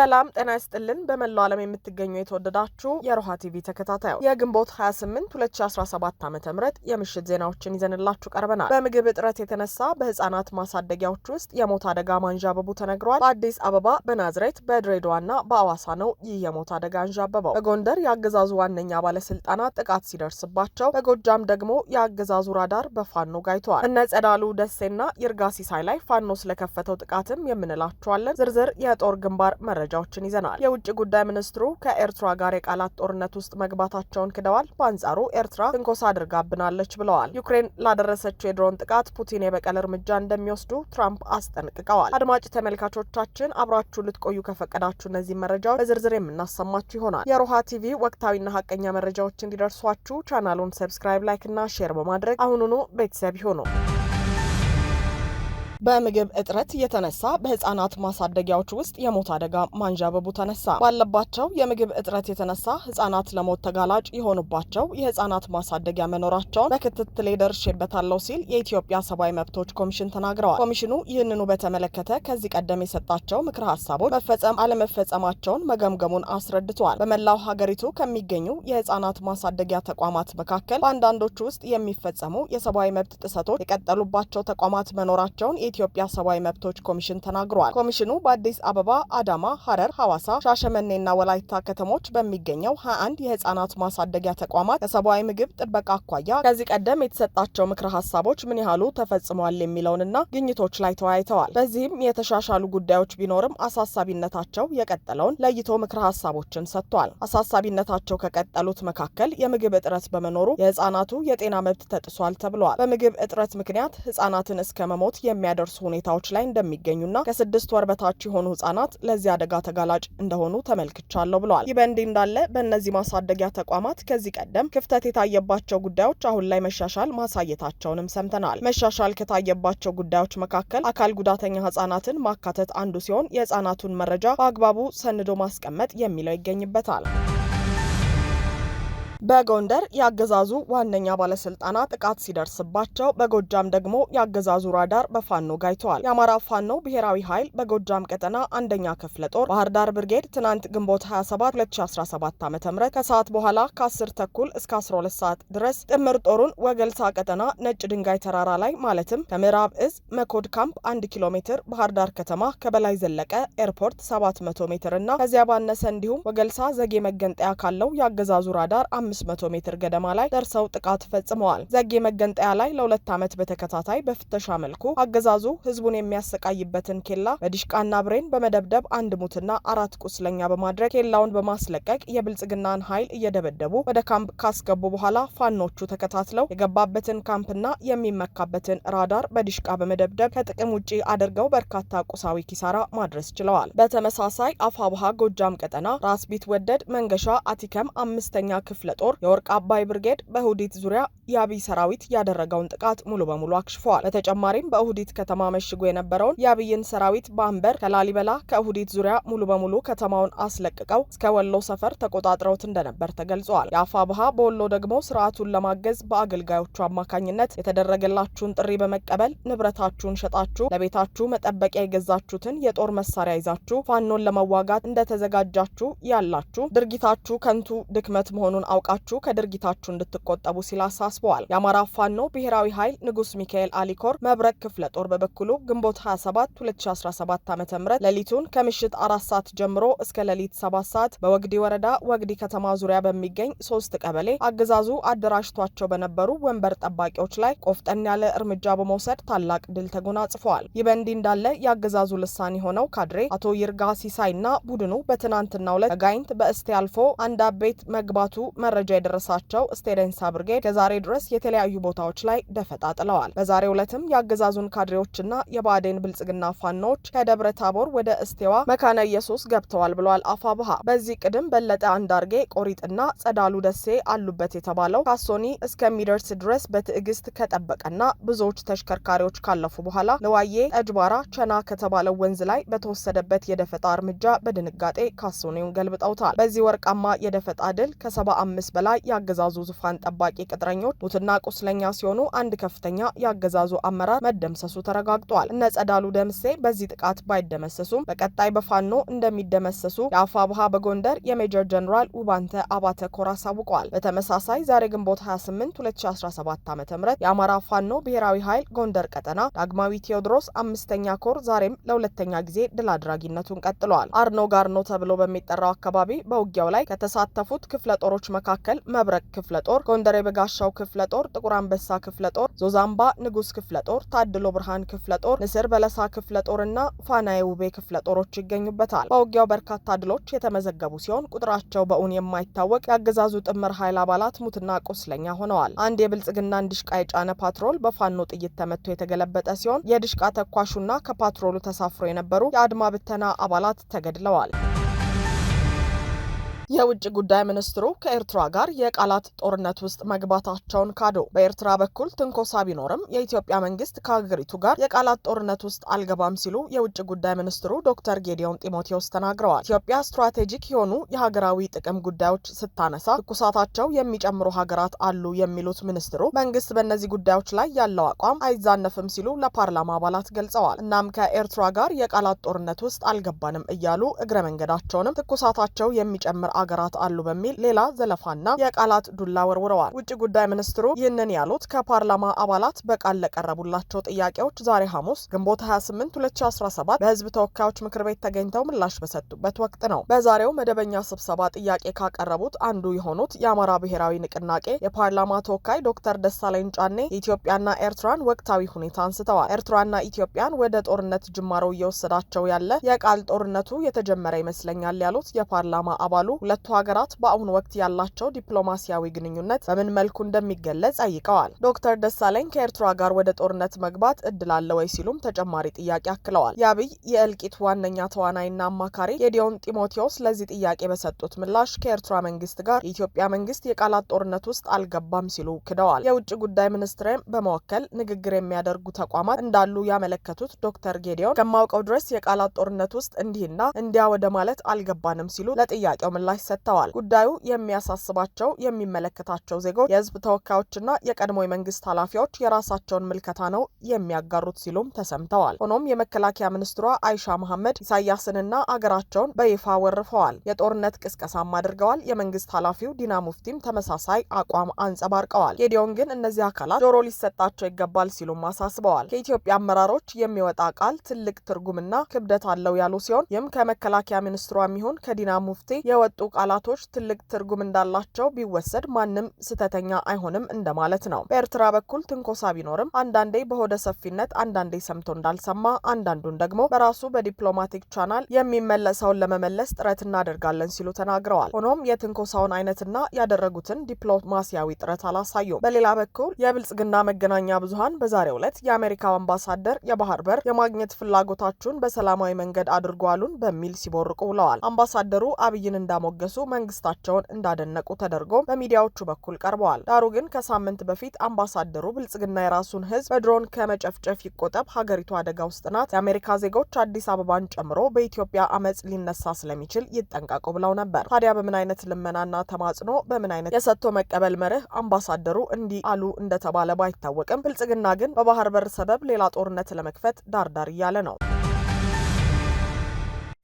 ሰላም ጤና ይስጥልን። በመላው ዓለም የምትገኙ የተወደዳችሁ የሮሃ ቲቪ ተከታታዮች የግንቦት 28 2017 ዓ ም የምሽት ዜናዎችን ይዘንላችሁ ቀርበናል። በምግብ እጥረት የተነሳ በህጻናት ማሳደጊያዎች ውስጥ የሞት አደጋ ማንዣበቡ ተነግሯል። በአዲስ አበባ፣ በናዝሬት፣ በድሬዳዋና በአዋሳ ነው ይህ የሞት አደጋ አንዣበበው። በጎንደር የአገዛዙ ዋነኛ ባለስልጣናት ጥቃት ሲደርስባቸው፣ በጎጃም ደግሞ የአገዛዙ ራዳር በፋኖ ጋይተዋል። እነ ጸዳሉ ደሴና ይርጋ ሲሳይ ላይ ፋኖ ስለከፈተው ጥቃትም የምንላችኋለን። ዝርዝር የጦር ግንባር መረጃ መረጃዎችን ይዘናል። የውጭ ጉዳይ ሚኒስትሩ ከኤርትራ ጋር የቃላት ጦርነት ውስጥ መግባታቸውን ክደዋል። በአንጻሩ ኤርትራ ትንኮሳ አድርጋብናለች ብለዋል። ዩክሬን ላደረሰችው የድሮን ጥቃት ፑቲን የበቀል እርምጃ እንደሚወስዱ ትራምፕ አስጠንቅቀዋል። አድማጭ ተመልካቾቻችን አብራችሁ ልትቆዩ ከፈቀዳችሁ እነዚህ መረጃዎች በዝርዝር የምናሰማችሁ ይሆናል። የሮሃ ቲቪ ወቅታዊና ሀቀኛ መረጃዎች እንዲደርሷችሁ ቻናሉን ሰብስክራይብ፣ ላይክ እና ሼር በማድረግ አሁኑኑ ቤተሰብ ይሁኑ። በምግብ እጥረት የተነሳ በህጻናት ማሳደጊያዎች ውስጥ የሞት አደጋ ማንዣበቡ ተነሳ። ባለባቸው የምግብ እጥረት የተነሳ ህጻናት ለሞት ተጋላጭ የሆኑባቸው የህጻናት ማሳደጊያ መኖራቸውን በክትትሌ ደርሼበታለሁ ሲል የኢትዮጵያ ሰብአዊ መብቶች ኮሚሽን ተናግረዋል። ኮሚሽኑ ይህንኑ በተመለከተ ከዚህ ቀደም የሰጣቸው ምክረ ሀሳቦች መፈጸም አለመፈጸማቸውን መገምገሙን አስረድተዋል። በመላው ሀገሪቱ ከሚገኙ የህጻናት ማሳደጊያ ተቋማት መካከል በአንዳንዶቹ ውስጥ የሚፈጸሙ የሰብአዊ መብት ጥሰቶች የቀጠሉባቸው ተቋማት መኖራቸውን የኢትዮጵያ ሰብአዊ መብቶች ኮሚሽን ተናግሯል። ኮሚሽኑ በአዲስ አበባ፣ አዳማ፣ ሐረር፣ ሐዋሳ፣ ሻሸመኔና ወላይታ ከተሞች በሚገኘው 21 የህጻናት ማሳደጊያ ተቋማት ከሰብአዊ ምግብ ጥበቃ አኳያ ከዚህ ቀደም የተሰጣቸው ምክረ ሀሳቦች ምን ያህሉ ተፈጽመዋል የሚለውንና ግኝቶች ላይ ተወያይተዋል። በዚህም የተሻሻሉ ጉዳዮች ቢኖርም አሳሳቢነታቸው የቀጠለውን ለይቶ ምክረ ሀሳቦችን ሰጥቷል። አሳሳቢነታቸው ከቀጠሉት መካከል የምግብ እጥረት በመኖሩ የህጻናቱ የጤና መብት ተጥሷል ተብሏል። በምግብ እጥረት ምክንያት ህጻናትን እስከ መሞት የሚያደ የሚያደርሱ ሁኔታዎች ላይ እንደሚገኙና ከስድስት ወር በታች የሆኑ ህጻናት ለዚህ አደጋ ተጋላጭ እንደሆኑ ተመልክቻለሁ ብለዋል። ይህ በእንዲህ እንዳለ በእነዚህ ማሳደጊያ ተቋማት ከዚህ ቀደም ክፍተት የታየባቸው ጉዳዮች አሁን ላይ መሻሻል ማሳየታቸውንም ሰምተናል። መሻሻል ከታየባቸው ጉዳዮች መካከል አካል ጉዳተኛ ህጻናትን ማካተት አንዱ ሲሆን የህጻናቱን መረጃ በአግባቡ ሰንዶ ማስቀመጥ የሚለው ይገኝበታል። በጎንደር የአገዛዙ ዋነኛ ባለስልጣናት ጥቃት ሲደርስባቸው፣ በጎጃም ደግሞ የአገዛዙ ራዳር በፋኖ ጋይተዋል። የአማራ ፋኖ ብሔራዊ ኃይል በጎጃም ቀጠና አንደኛ ክፍለ ጦር ባህር ዳር ብርጌድ ትናንት ግንቦት 27 2017 ዓ ም ከሰዓት በኋላ ከ10 ተኩል እስከ 12 ሰዓት ድረስ ጥምር ጦሩን ወገልሳ ቀጠና ነጭ ድንጋይ ተራራ ላይ ማለትም ከምዕራብ እዝ መኮድ ካምፕ 1 ኪሎ ሜትር ባህር ዳር ከተማ ከበላይ ዘለቀ ኤርፖርት 700 ሜትር እና ከዚያ ባነሰ እንዲሁም ወገልሳ ዘጌ መገንጠያ ካለው የአገዛዙ ራዳር 500 ሜትር ገደማ ላይ ደርሰው ጥቃት ፈጽመዋል። ዘጌ መገንጠያ ላይ ለሁለት ዓመት በተከታታይ በፍተሻ መልኩ አገዛዙ ህዝቡን የሚያሰቃይበትን ኬላ በዲሽቃና ብሬን በመደብደብ አንድ ሙትና አራት ቁስለኛ በማድረግ ኬላውን በማስለቀቅ የብልጽግናን ኃይል እየደበደቡ ወደ ካምፕ ካስገቡ በኋላ ፋኖቹ ተከታትለው የገባበትን ካምፕና የሚመካበትን ራዳር በዲሽቃ በመደብደብ ከጥቅም ውጪ አድርገው በርካታ ቁሳዊ ኪሳራ ማድረስ ችለዋል። በተመሳሳይ አፋብሃ ጎጃም ቀጠና ራስ ቢት ወደድ መንገሻ አቲከም አምስተኛ ክፍለ ጦር የወርቅ አባይ ብርጌድ በሁዲት ዙሪያ የአብይ ሰራዊት ያደረገውን ጥቃት ሙሉ በሙሉ አክሽፈዋል። በተጨማሪም በእሁዲት ከተማ መሽጎ የነበረውን የአብይን ሰራዊት በአንበር ከላሊበላ ከእሁዲት ዙሪያ ሙሉ በሙሉ ከተማውን አስለቅቀው እስከ ወሎ ሰፈር ተቆጣጥረውት እንደነበር ተገልጿል። የአፋ ባሃ በወሎ ደግሞ ስርዓቱን ለማገዝ በአገልጋዮቹ አማካኝነት የተደረገላችሁን ጥሪ በመቀበል ንብረታችሁን ሸጣችሁ ለቤታችሁ መጠበቂያ የገዛችሁትን የጦር መሳሪያ ይዛችሁ ፋኖን ለመዋጋት እንደተዘጋጃችሁ ያላችሁ ድርጊታችሁ ከንቱ ድክመት መሆኑን አውቃችሁ ከድርጊታችሁ እንድትቆጠቡ ሲል አሳስበዋል። የአማራ ፋኖ ብሔራዊ ኃይል ንጉስ ሚካኤል አሊኮር መብረቅ ክፍለ ጦር በበኩሉ ግንቦት 27 2017 ዓ ም ሌሊቱን ከምሽት አራት ሰዓት ጀምሮ እስከ ሌሊት ሰባት ሰዓት በወግዲ ወረዳ ወግዲ ከተማ ዙሪያ በሚገኝ ሶስት ቀበሌ አገዛዙ አደራጅቷቸው በነበሩ ወንበር ጠባቂዎች ላይ ቆፍጠን ያለ እርምጃ በመውሰድ ታላቅ ድል ተጎናጽፈዋል። ይህ በእንዲህ እንዳለ የአገዛዙ ልሳን የሆነው ካድሬ አቶ ይርጋ ሲሳይና ቡድኑ በትናንትናው ሁለት በጋይንት በእስቴ አልፎ አንድ አቤት መግባቱ መረጃ የደረሳቸው ስቴደንሳ ብርጌድ ከዛሬ ድረስ የተለያዩ ቦታዎች ላይ ደፈጣ ጥለዋል። በዛሬው ዕለትም የአገዛዙን ካድሬዎችና የባዴን ብልጽግና ፋኖዎች ከደብረ ታቦር ወደ እስቴዋ መካነ ኢየሱስ ገብተዋል ብለዋል አፋብሃ። በዚህ ቅድም በለጠ አንዳርጌ ቆሪጥና ጸዳሉ ደሴ አሉበት የተባለው ካሶኒ እስከሚደርስ ድረስ በትዕግስት ከጠበቀና ብዙዎች ተሽከርካሪዎች ካለፉ በኋላ ለዋዬ እጅባራ ቸና ከተባለው ወንዝ ላይ በተወሰደበት የደፈጣ እርምጃ በድንጋጤ ካሶኒውን ገልብጠውታል። በዚህ ወርቃማ የደፈጣ ድል ከሰባ አምስት በላይ የአገዛዙ ዙፋን ጠባቂ ቅጥረኞች ሙትና ቁስለኛ ሲሆኑ አንድ ከፍተኛ የአገዛዙ አመራር መደምሰሱ ተረጋግጧል። እነ ጸዳሉ ደምሴ በዚህ ጥቃት ባይደመሰሱም በቀጣይ በፋኖ እንደሚደመሰሱ የአፋብሃ በጎንደር የሜጀር ጀኔራል ውባንተ አባተ ኮር አሳውቀዋል። በተመሳሳይ ዛሬ ግንቦት 28 2017 ዓ ም የአማራ ፋኖ ብሔራዊ ኃይል ጎንደር ቀጠና ዳግማዊ ቴዎድሮስ አምስተኛ ኮር ዛሬም ለሁለተኛ ጊዜ ድል አድራጊነቱን ቀጥለዋል። አርኖ ጋርኖ ተብሎ በሚጠራው አካባቢ በውጊያው ላይ ከተሳተፉት ክፍለ ጦሮች መካከል መብረቅ ክፍለ ጦር፣ ጎንደር የበጋሻው ክፍለ ጦር፣ ጥቁር አንበሳ ክፍለ ጦር፣ ዞዛምባ ንጉስ ክፍለ ጦር፣ ታድሎ ብርሃን ክፍለ ጦር፣ ንስር በለሳ ክፍለ ጦር እና ፋና የውቤ ክፍለ ጦሮች ይገኙበታል። በውጊያው በርካታ ድሎች የተመዘገቡ ሲሆን ቁጥራቸው በእውን የማይታወቅ የአገዛዙ ጥምር ኃይል አባላት ሙትና ቁስለኛ ሆነዋል። አንድ የብልጽግናን ድሽቃ የጫነ ፓትሮል በፋኖ ጥይት ተመቶ የተገለበጠ ሲሆን የድሽቃ ተኳሹና ከፓትሮሉ ተሳፍሮ የነበሩ የአድማ ብተና አባላት ተገድለዋል። የውጭ ጉዳይ ሚኒስትሩ ከኤርትራ ጋር የቃላት ጦርነት ውስጥ መግባታቸውን ካዱ። በኤርትራ በኩል ትንኮሳ ቢኖርም የኢትዮጵያ መንግስት ከሀገሪቱ ጋር የቃላት ጦርነት ውስጥ አልገባም ሲሉ የውጭ ጉዳይ ሚኒስትሩ ዶክተር ጌዲዮን ጢሞቴዎስ ተናግረዋል። ኢትዮጵያ ስትራቴጂክ የሆኑ የሀገራዊ ጥቅም ጉዳዮች ስታነሳ ትኩሳታቸው የሚጨምሩ ሀገራት አሉ የሚሉት ሚኒስትሩ መንግስት በእነዚህ ጉዳዮች ላይ ያለው አቋም አይዛነፍም ሲሉ ለፓርላማ አባላት ገልጸዋል። እናም ከኤርትራ ጋር የቃላት ጦርነት ውስጥ አልገባንም እያሉ እግረ መንገዳቸውንም ትኩሳታቸው የሚጨምር አገራት አሉ በሚል ሌላ ዘለፋና የቃላት ዱላ ወርውረዋል። ውጭ ጉዳይ ሚኒስትሩ ይህንን ያሉት ከፓርላማ አባላት በቃል ለቀረቡላቸው ጥያቄዎች ዛሬ ሐሙስ ግንቦት 28 2017 በህዝብ ተወካዮች ምክር ቤት ተገኝተው ምላሽ በሰጡበት ወቅት ነው። በዛሬው መደበኛ ስብሰባ ጥያቄ ካቀረቡት አንዱ የሆኑት የአማራ ብሔራዊ ንቅናቄ የፓርላማ ተወካይ ዶክተር ደሳለኝ ጫኔ የኢትዮጵያና ኤርትራን ወቅታዊ ሁኔታ አንስተዋል። ኤርትራና ኢትዮጵያን ወደ ጦርነት ጅማሮ እየወሰዳቸው ያለ የቃል ጦርነቱ የተጀመረ ይመስለኛል ያሉት የፓርላማ አባሉ ሁለቱ ሀገራት በአሁኑ ወቅት ያላቸው ዲፕሎማሲያዊ ግንኙነት በምን መልኩ እንደሚገለጽ ጠይቀዋል። ዶክተር ደሳለኝ ከኤርትራ ጋር ወደ ጦርነት መግባት እድል አለ ወይ ሲሉም ተጨማሪ ጥያቄ አክለዋል። የአብይ የእልቂት ዋነኛ ተዋናይና አማካሪ ጌዲዮን ጢሞቴዎስ ለዚህ ጥያቄ በሰጡት ምላሽ ከኤርትራ መንግስት ጋር የኢትዮጵያ መንግስት የቃላት ጦርነት ውስጥ አልገባም ሲሉ ክደዋል። የውጭ ጉዳይ ሚኒስትርም በመወከል ንግግር የሚያደርጉ ተቋማት እንዳሉ ያመለከቱት ዶክተር ጌዲዮን ከማውቀው ድረስ የቃላት ጦርነት ውስጥ እንዲህና እንዲያ ወደ ማለት አልገባንም ሲሉ ለጥያቄው ምላሽ ምላሽ ሰጥተዋል። ጉዳዩ የሚያሳስባቸው የሚመለከታቸው ዜጎች፣ የህዝብ ተወካዮችና የቀድሞ የመንግስት ኃላፊዎች የራሳቸውን ምልከታ ነው የሚያጋሩት ሲሉም ተሰምተዋል። ሆኖም የመከላከያ ሚኒስትሯ አይሻ መሐመድ ኢሳያስንና አገራቸውን በይፋ ወርፈዋል። የጦርነት ቅስቀሳም አድርገዋል። የመንግስት ኃላፊው ዲና ሙፍቲም ተመሳሳይ አቋም አንጸባርቀዋል። ጌዲዮን ግን እነዚህ አካላት ጆሮ ሊሰጣቸው ይገባል ሲሉም አሳስበዋል። ከኢትዮጵያ አመራሮች የሚወጣ ቃል ትልቅ ትርጉምና ክብደት አለው ያሉ ሲሆን ይህም ከመከላከያ ሚኒስትሯ የሚሆን ከዲና ሙፍቲ የወጡ የወጡ ቃላቶች ትልቅ ትርጉም እንዳላቸው ቢወሰድ ማንም ስህተተኛ አይሆንም እንደማለት ነው። በኤርትራ በኩል ትንኮሳ ቢኖርም አንዳንዴ በሆደ ሰፊነት፣ አንዳንዴ ሰምቶ እንዳልሰማ፣ አንዳንዱን ደግሞ በራሱ በዲፕሎማቲክ ቻናል የሚመለሰውን ለመመለስ ጥረት እናደርጋለን ሲሉ ተናግረዋል። ሆኖም የትንኮሳውን አይነትና ያደረጉትን ዲፕሎማሲያዊ ጥረት አላሳዩም። በሌላ በኩል የብልጽግና መገናኛ ብዙሀን በዛሬው ዕለት የአሜሪካው አምባሳደር የባህር በር የማግኘት ፍላጎታችሁን በሰላማዊ መንገድ አድርጓሉን በሚል ሲቦርቁ ውለዋል። አምባሳደሩ አብይን እንዳሞ ሲሞገሱ መንግስታቸውን እንዳደነቁ ተደርጎ በሚዲያዎቹ በኩል ቀርበዋል። ዳሩ ግን ከሳምንት በፊት አምባሳደሩ ብልጽግና የራሱን ህዝብ በድሮን ከመጨፍጨፍ ይቆጠብ፣ ሀገሪቱ አደጋ ውስጥ ናት፣ የአሜሪካ ዜጎች አዲስ አበባን ጨምሮ በኢትዮጵያ አመፅ ሊነሳ ስለሚችል ይጠንቀቁ ብለው ነበር። ታዲያ በምን አይነት ልመናና ተማጽኖ፣ በምን አይነት የሰጥቶ መቀበል መርህ አምባሳደሩ እንዲህ አሉ እንደተባለ ባይታወቅም ብልጽግና ግን በባህር በር ሰበብ ሌላ ጦርነት ለመክፈት ዳርዳር እያለ ነው።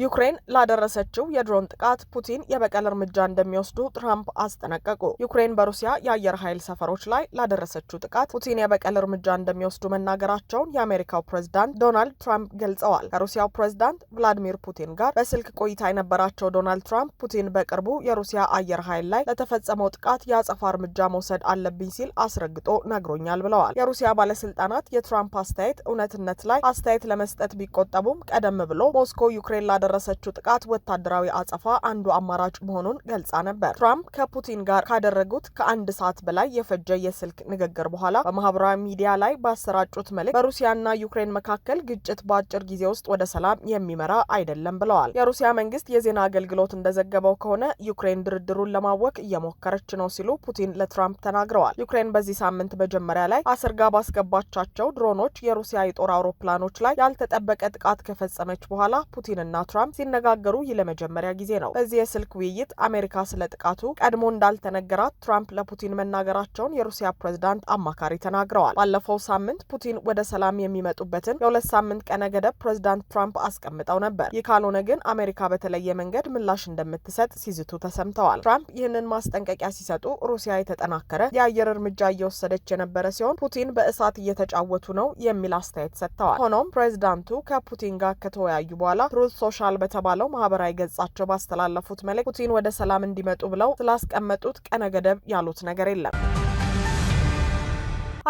ዩክሬን ላደረሰችው የድሮን ጥቃት ፑቲን የበቀል እርምጃ እንደሚወስዱ ትራምፕ አስጠነቀቁ። ዩክሬን በሩሲያ የአየር ኃይል ሰፈሮች ላይ ላደረሰችው ጥቃት ፑቲን የበቀል እርምጃ እንደሚወስዱ መናገራቸውን የአሜሪካው ፕሬዝዳንት ዶናልድ ትራምፕ ገልጸዋል። ከሩሲያው ፕሬዝዳንት ቭላዲሚር ፑቲን ጋር በስልክ ቆይታ የነበራቸው ዶናልድ ትራምፕ ፑቲን በቅርቡ የሩሲያ አየር ኃይል ላይ ለተፈጸመው ጥቃት የአጸፋ እርምጃ መውሰድ አለብኝ ሲል አስረግጦ ነግሮኛል ብለዋል። የሩሲያ ባለስልጣናት የትራምፕ አስተያየት እውነትነት ላይ አስተያየት ለመስጠት ቢቆጠቡም ቀደም ብሎ ሞስኮ ዩክሬን ያደረሰችው ጥቃት ወታደራዊ አጸፋ አንዱ አማራጭ መሆኑን ገልጻ ነበር። ትራምፕ ከፑቲን ጋር ካደረጉት ከአንድ ሰዓት በላይ የፈጀ የስልክ ንግግር በኋላ በማህበራዊ ሚዲያ ላይ ባሰራጩት መልእክት በሩሲያና ዩክሬን መካከል ግጭት በአጭር ጊዜ ውስጥ ወደ ሰላም የሚመራ አይደለም ብለዋል። የሩሲያ መንግስት የዜና አገልግሎት እንደዘገበው ከሆነ ዩክሬን ድርድሩን ለማወክ እየሞከረች ነው ሲሉ ፑቲን ለትራምፕ ተናግረዋል። ዩክሬን በዚህ ሳምንት መጀመሪያ ላይ አስርጋ ባስገባቻቸው ድሮኖች የሩሲያ የጦር አውሮፕላኖች ላይ ያልተጠበቀ ጥቃት ከፈጸመች በኋላ ፑቲንና ትራምፕ ሲነጋገሩ ይህ ለመጀመሪያ ጊዜ ነው። በዚህ የስልክ ውይይት አሜሪካ ስለ ጥቃቱ ቀድሞ እንዳልተነገራት ትራምፕ ለፑቲን መናገራቸውን የሩሲያ ፕሬዝዳንት አማካሪ ተናግረዋል። ባለፈው ሳምንት ፑቲን ወደ ሰላም የሚመጡበትን የሁለት ሳምንት ቀነ ገደብ ፕሬዝዳንት ትራምፕ አስቀምጠው ነበር። ይህ ካልሆነ ግን አሜሪካ በተለየ መንገድ ምላሽ እንደምትሰጥ ሲዝቱ ተሰምተዋል። ትራምፕ ይህንን ማስጠንቀቂያ ሲሰጡ ሩሲያ የተጠናከረ የአየር እርምጃ እየወሰደች የነበረ ሲሆን ፑቲን በእሳት እየተጫወቱ ነው የሚል አስተያየት ሰጥተዋል። ሆኖም ፕሬዝዳንቱ ከፑቲን ጋር ከተወያዩ በኋላ ትሩዝ ሶሻል ሶሻል በተባለው ማህበራዊ ገጻቸው ባስተላለፉት መልእክት ፑቲን ወደ ሰላም እንዲመጡ ብለው ስላስቀመጡት ቀነ ገደብ ያሉት ነገር የለም።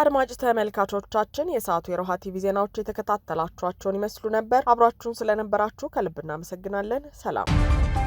አድማጭ ተመልካቾቻችን የሰዓቱ የሮሃ ቲቪ ዜናዎች የተከታተላችኋቸውን ይመስሉ ነበር። አብራችሁን ስለነበራችሁ ከልብ እናመሰግናለን። ሰላም